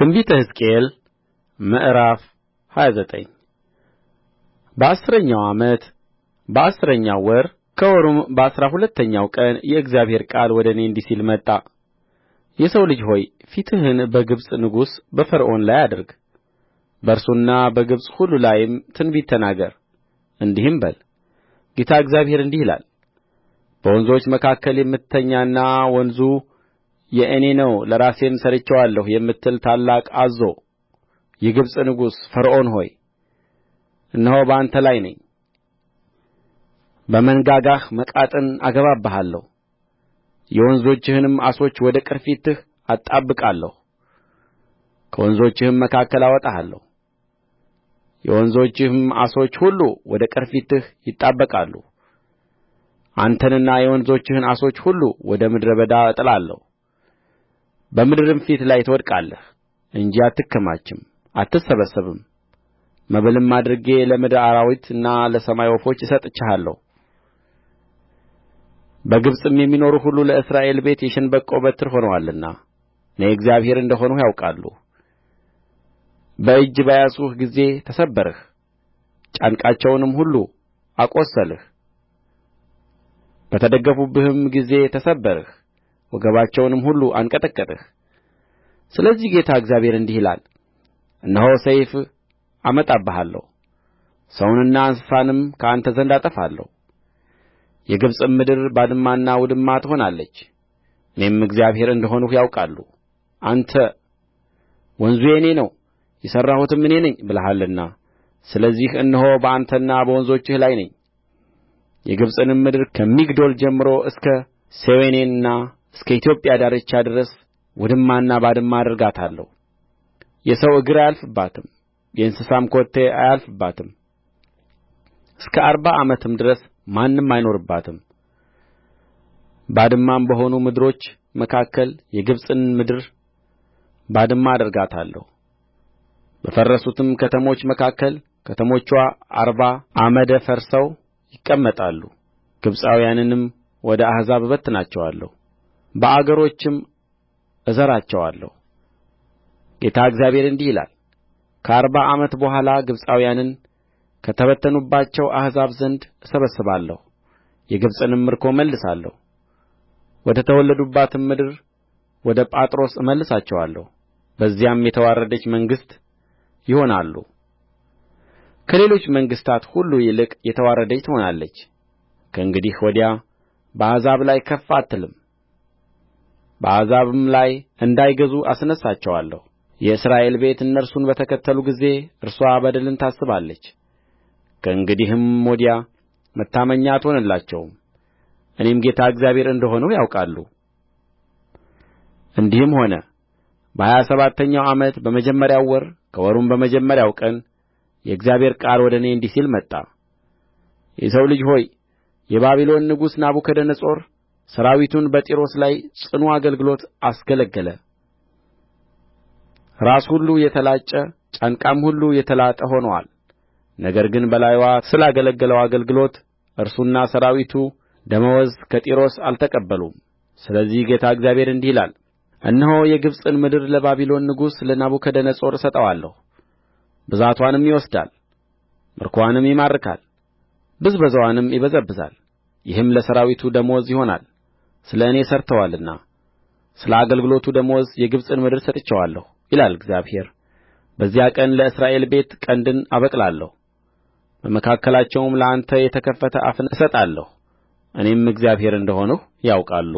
ትንቢተ ሕዝቅኤል ምዕራፍ ሃያ ዘጠኝ በአሥረኛው ዓመት በአሥረኛው ወር ከወሩም በአሥራ ሁለተኛው ቀን የእግዚአብሔር ቃል ወደ እኔ እንዲህ ሲል መጣ የሰው ልጅ ሆይ ፊትህን በግብጽ ንጉሥ በፈርዖን ላይ አድርግ በእርሱና በግብጽ ሁሉ ላይም ትንቢት ተናገር እንዲህም በል ጌታ እግዚአብሔር እንዲህ ይላል በወንዞች መካከል የምትተኛና ወንዙ የእኔ ነው ለራሴም ሠርቼዋለሁ የምትል ታላቅ አዞ የግብጽ ንጉሥ ፈርዖን ሆይ እነሆ በአንተ ላይ ነኝ በመንጋጋህ መቃጥን አገባብሃለሁ የወንዞችህንም ዓሦች ወደ ቅርፊትህ አጣብቃለሁ ከወንዞችህም መካከል አወጣሃለሁ የወንዞችህም ዓሦች ሁሉ ወደ ቅርፊትህ ይጣበቃሉ አንተንና የወንዞችህን ዓሦች ሁሉ ወደ ምድረ በዳ እጥላለሁ በምድርም ፊት ላይ ትወድቃለህ እንጂ አትከማችም አትሰበሰብም መብልም አድርጌ ለምድር አራዊትና ለሰማይ ወፎች ሰጥቼሃለሁ በግብጽም የሚኖሩ ሁሉ ለእስራኤል ቤት የሸንበቆ በትር ሆነዋልና እኔ እግዚአብሔር እንደ ሆንሁ ያውቃሉ በእጅ በያዙህ ጊዜ ተሰበርህ ጫንቃቸውንም ሁሉ አቈሰልህ በተደገፉብህም ጊዜ ተሰበርህ ወገባቸውንም ሁሉ አንቀጠቀጥህ ስለዚህ ጌታ እግዚአብሔር እንዲህ ይላል እነሆ ሰይፍ አመጣብሃለሁ ሰውንና እንስሳንም ከአንተ ዘንድ አጠፋለሁ የግብጽም ምድር ባድማና ውድማ ትሆናለች እኔም እግዚአብሔር እንደ ሆንሁ ያውቃሉ አንተ ወንዙ የእኔ ነው የሠራሁትም እኔ ነኝ ብለሃልና ስለዚህ እነሆ በአንተና በወንዞችህ ላይ ነኝ የግብጽንም ምድር ከሚግዶል ጀምሮ እስከ ሴዌኔና እስከ ኢትዮጵያ ዳርቻ ድረስ ውድማና ባድማ አደርጋታለሁ የሰው እግር አያልፍባትም የእንስሳም ኮቴ አያልፍባትም እስከ አርባ ዓመትም ድረስ ማንም አይኖርባትም ባድማም በሆኑ ምድሮች መካከል የግብጽን ምድር ባድማ አደርጋታለሁ በፈረሱትም ከተሞች መካከል ከተሞችዋ አርባ አመደ ፈርሰው ይቀመጣሉ ግብጻውያንንም ወደ አሕዛብ እበትናቸዋለሁ በአገሮችም እዘራቸዋለሁ ጌታ እግዚአብሔር እንዲህ ይላል ከአርባ ዓመት በኋላ ግብጻውያንን ከተበተኑባቸው አሕዛብ ዘንድ እሰበስባለሁ የግብጽንም ምርኮ እመልሳለሁ ወደ ተወለዱባትም ምድር ወደ ጳትሮስ እመልሳቸዋለሁ በዚያም የተዋረደች መንግሥት ይሆናሉ ከሌሎች መንግሥታት ሁሉ ይልቅ የተዋረደች ትሆናለች ከእንግዲህ ወዲያ በአሕዛብ ላይ ከፍ አትልም በአሕዛብም ላይ እንዳይገዙ አስነሣቸዋለሁ የእስራኤል ቤት እነርሱን በተከተሉ ጊዜ እርስዋ በደልን ታስባለች ከእንግዲህም ወዲያ መታመኛ አትሆንላቸውም እኔም ጌታ እግዚአብሔር እንደ ሆንሁ ያውቃሉ እንዲህም ሆነ በሀያ ሰባተኛው ዓመት በመጀመሪያው ወር ከወሩም በመጀመሪያው ቀን የእግዚአብሔር ቃል ወደ እኔ እንዲህ ሲል መጣ የሰው ልጅ ሆይ የባቢሎን ንጉሥ ናቡከደነፆር ሠራዊቱን በጢሮስ ላይ ጽኑ አገልግሎት አስገለገለ ራስ ሁሉ የተላጨ ጫንቃም ሁሉ የተላጠ ሆኖአል ነገር ግን በላይዋ ስላገለገለው አገልግሎት እርሱና ሠራዊቱ ደመወዝ ከጢሮስ አልተቀበሉም ስለዚህ ጌታ እግዚአብሔር እንዲህ ይላል እነሆ የግብጽን ምድር ለባቢሎን ንጉሥ ለናቡከደነፆር እሰጠዋለሁ ብዛትዋንም ይወስዳል ምርኮዋንም ይማርካል ብዝበዛዋንም ይበዘብዛል ይህም ለሠራዊቱ ደመወዝ ይሆናል ስለ እኔ ሠርተዋልና ስለ አገልግሎቱ ደመወዝ የግብጽን ምድር ሰጥቼዋለሁ ይላል እግዚአብሔር በዚያ ቀን ለእስራኤል ቤት ቀንድን አበቅላለሁ በመካከላቸውም ለአንተ የተከፈተ አፍን እሰጣለሁ እኔም እግዚአብሔር እንደ ሆንሁ ያውቃሉ